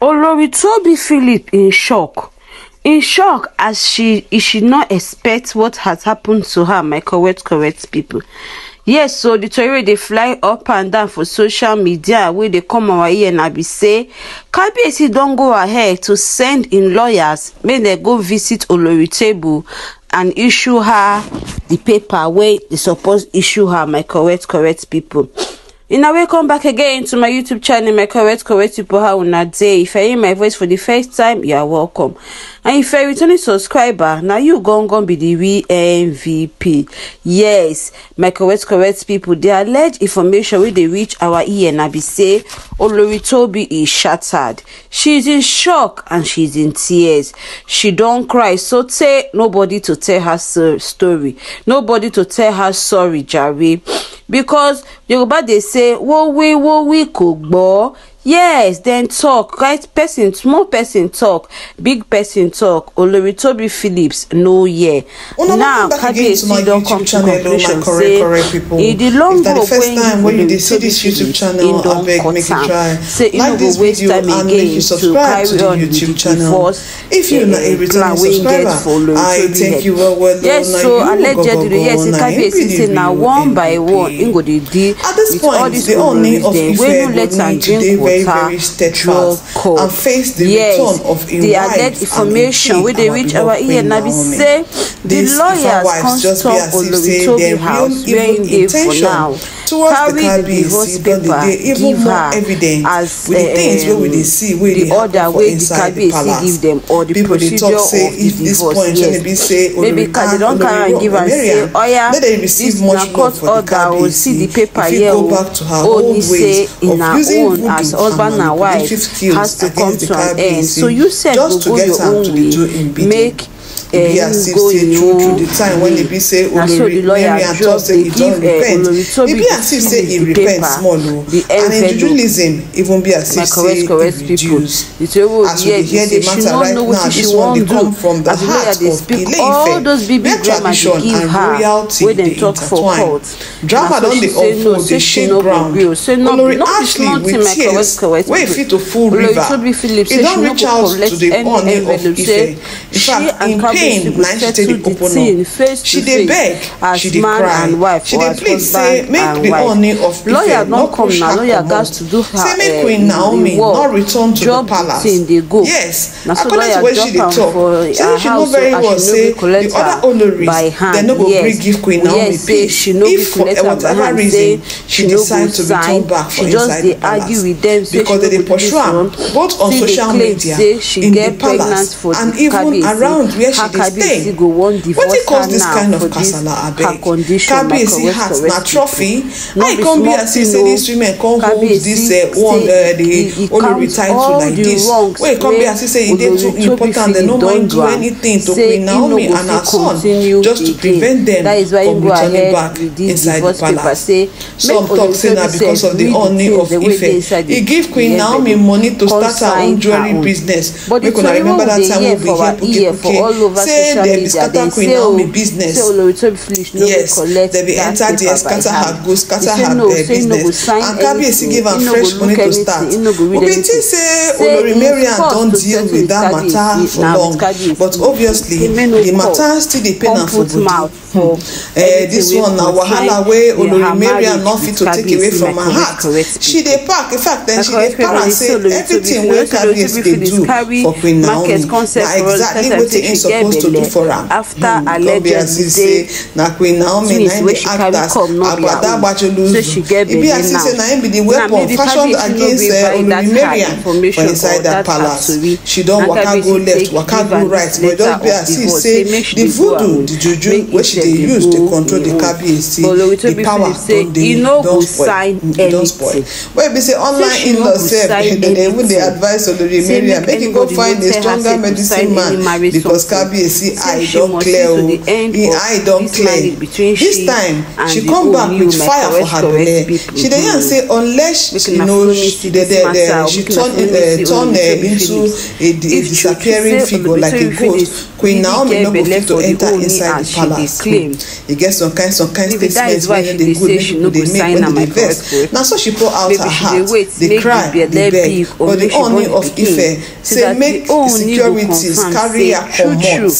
Olori Toby Philip in shock in shock as she he should not expect what has happened to her my correct correct people yes so the tori they fly up and down for social media where they come our ear na be say kabiyesi don't go ahead to send in lawyers when they go visit olori table and issue her the paper where they suppose issue her my correct correct people una welcome back again to my youtube channel my correct correct people how a day, if I hear my voice for the first time you are welcome and if I return a subscriber now you gon gon be the real mvp yes my correct correct people the alleged information wey they reach our ear na be say olori Toby is shattered she is in shock and she is in tears she don't cry so tey nobody to tell her story nobody to tell her sorry Jerry because yorùbá dey say wowi wowi kò gbọ́ yes Then talk. right person small person Talk. big person Talk. olori Toby phillips no hear now kabiyesi don come to conclusion say e the long go wey him olori tobi phillips him don cut am say Like this go waste time again to carry on with the divorce plan wey him I thank you. Well head yes so allegedly yes kabiyesi say na one by one him go dey deal with all these olori dem wey no let am drink water very very steadfast and face the yes, return of a the alleged information wey they reach our ear Now, be say the lawyers consult oloritobi house wia im dey for now towards the kabiyesi don dey dey even more evident with the things eh, wey we dey see wey dey happen for inside the palace people dey talk say if this point wey be say oh, maybe don't olorika oloriro mariam no dey receive much love for the kabiyesi e fit go oh. back to her old oh, ways own as husband and wife has to come to an end. So you said go your own way, make e be as if say true true the time when e be say olori mariam talk say he don repent e be as if say 'He repent small o oh. and in judaism even be as if say e oh, reduce as we dey hear the matter right now this one dey come from the heart of ile-ife where tradition and royalty dey intertwine drama don dey unfold dey shake ground olori ashley with tears wey fit to full river e don reach out to the honor of ife in fact im again na she take dey open up she dey beg she dey cry she dey plead say make the honey of ife no push her comot say make eh, queen naomi no return to the palace yes according to what she dey talk say she know very well say the other honorees dem no go gree give queen naomi pay if for whatever reason she decide to return back for inside the palace because dem dey pursue am both on social media in the palace and even around where she dey stay wetin cause dis kind of condition? abeg kabiyesi heart na trophy how e come be as if oh. say dis women come hold dis one uh, the olori title like dis wey e come be as if say e dey too important dem no wan do anything to queen naomi and her son just to prevent dem from returning back inside the palace some talk say na because of the honey of ife e give queen naomi money to start her own jewelry business make una remember dat time wey we hear puke puke over say social media say queen naomi oh, business say oloritobi finish no yes, collect that paper by hand yes dem be enter there scatter her go scatter her no, business and kabiyesi give am fresh money to start we bin think say olori mariam don deal with dat matter for long but obviously di matter still dey pain am for body. Hmm. uh, eh, this one na wahala wey olori mariam no fit to take away from her heart she dey pack in fact then eh, she dey para say everything wey kabiyesi dey do for queen naomi na exactly wetin im suppose supposed to do for am after hmm, allegedly say na queen naomi na im be actress agbada agbacholu e be as if say na im be the weapon fashioned against eh, olumimarian for inside that palace she don waka go left waka go right but just be as if say the voodoo the juju where she they use to control the kabiyesi the power Don't spoil mm, don't spoil wey be say online in-law sef dem dey even dey advise olumimarian make e go find a stronger medicine man because kabiyesi kabiyesi eye don clear o im eye don clear this time she come back with fire for her belle she dey yarn say mm-hmm. unless you know she dey there. she turn uh, turn uh, into a disappearing figure like a ghost Queen Naomi no go fit to enter inside the palace. E get some kind some kind statement wey no dey good make people dey make when dey dey vex. Na so she pour out her heart dey cry dey beg but the Ooni of Ife say make securities carry her comot.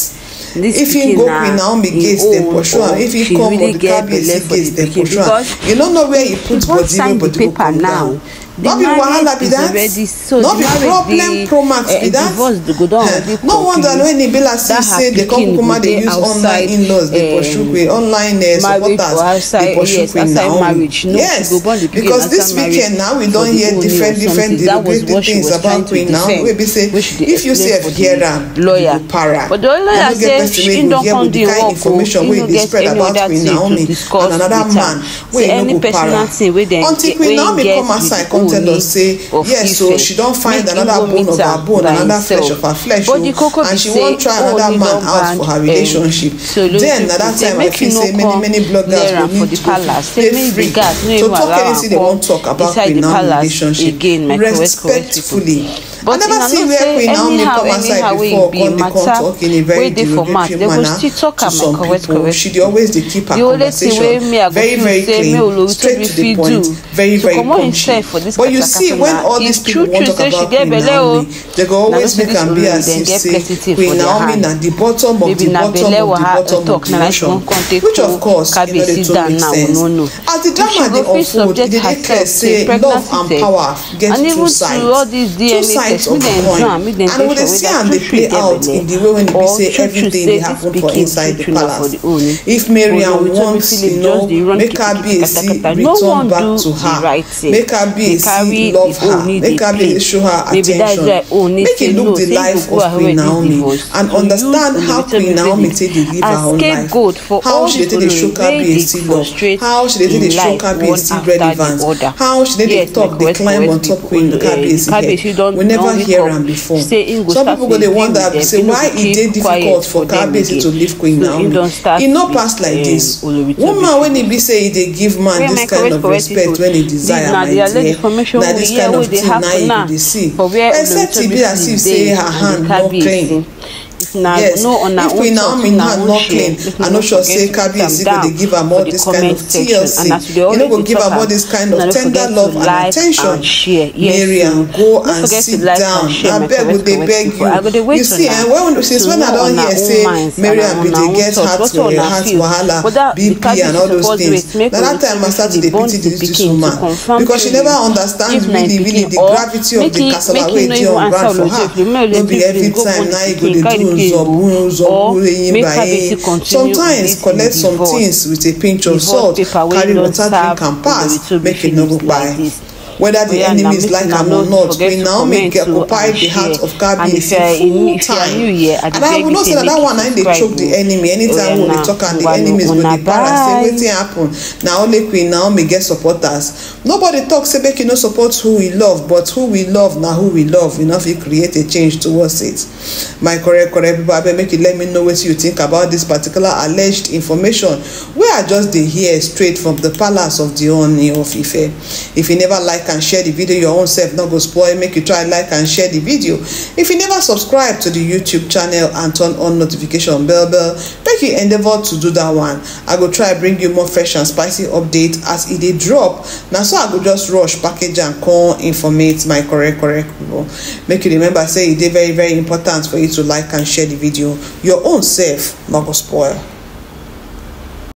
if he go queen naomi gate dem pursue am if he come on the cabbie gate dem pursue am you no know where he put body wey body go come down no be wahala be that no be problem promax eh, be that eh, no wonder when e be like say say the kukuma dey use online in-laws dey pursue eh, queen online supporters dey pursue queen now yes because this weekend now we don hear different different derogatory things about queen now wey be say if you sef hear am you go para you no get person wey go hear with the kind oh. information wey dey spread about queen naomi and another man wey no go para until queen naomi come outside come tell us say yes so she don find another bone of her bone another flesh of her flesh o and she wan try oh, another man out for her eh, relationship then na that time i feel say many many girls go need to dey free to talk anything they wan talk about queen naomi relationship respectfully but i never see where queen naomi come outside before come dey come talk in a very derogatory manner to some people she dey always dey keep her conversation very very clean straight to the point very very punchy but you see when all these people wan talk about queen oh. naomi they go always make am be as if say queen naomi na the bottom of the bottom of the bottom of the nation which of course e no dey too make sense as the drama dey unfold e dey dey clear say love and power get two sides two sides light of the coin and we dey see am dey play out in the way when e be say everything dey happen for inside the palace if Maryam want you know make her bsc return back to her make her bsc love her make her bsc show her at ten tion make e look the life of queen naomi and understand how queen naomi take dey live her own life how she dey take dey show her bsc love how she dey take dey show her bsc relevance how she dey dey talk dey climb on top queen kabiyesi head we never never hear am before some pipo go dey wonder eh, say why e dey difficult for kabiyesi to leave queen naomi e no pass like eh, this. woman wey e be say e dey give man this kind of respect when e desire my dear na dis kind of thing na you dey see except e be as if say her hand no clean yes na yes. no on if we now mean her not clean i no sure say kabiyesi go dey give am all this kind of tlc you no go give am all this kind of tender love and at ten tion mariam go and sit down abeg we dey beg you you see eh when since when i don hear say mariam bin dey get heart heart wahala bp and all those things na that time i start to dey pity this woman because she never understand really really the gravity of the kasala wey dey on ground for her no be every time na e go dey do able or make her visit continue sometimes collect some things with a pinch of salt carry water drink am pass make e no go kpai whether the enemy is like am or not we now Naomi occupy the heart of in full time and I will not say that that one na they choke the enemy anytime we dey talk and the enemies go dey para say wetin happen Now only Queen may get supporters nobody talks, say make you know support who we love but who we love now who we love you no fit create a change towards it my correct correct people abeg make you let me know what you think about this particular alleged information i just they hear straight from the palace of the owner of ife if you never like and share the video your own self don't go spoil make you try like and share the video if you never subscribe to the youtube channel and turn on notification bell bell make you endeavour to do that one i go try bring you more fresh and spicy update as it dey drop Now so i go just rush package and come informate my correct correct people make you remember say it very very important for you to like and share the video your own self don't go spoil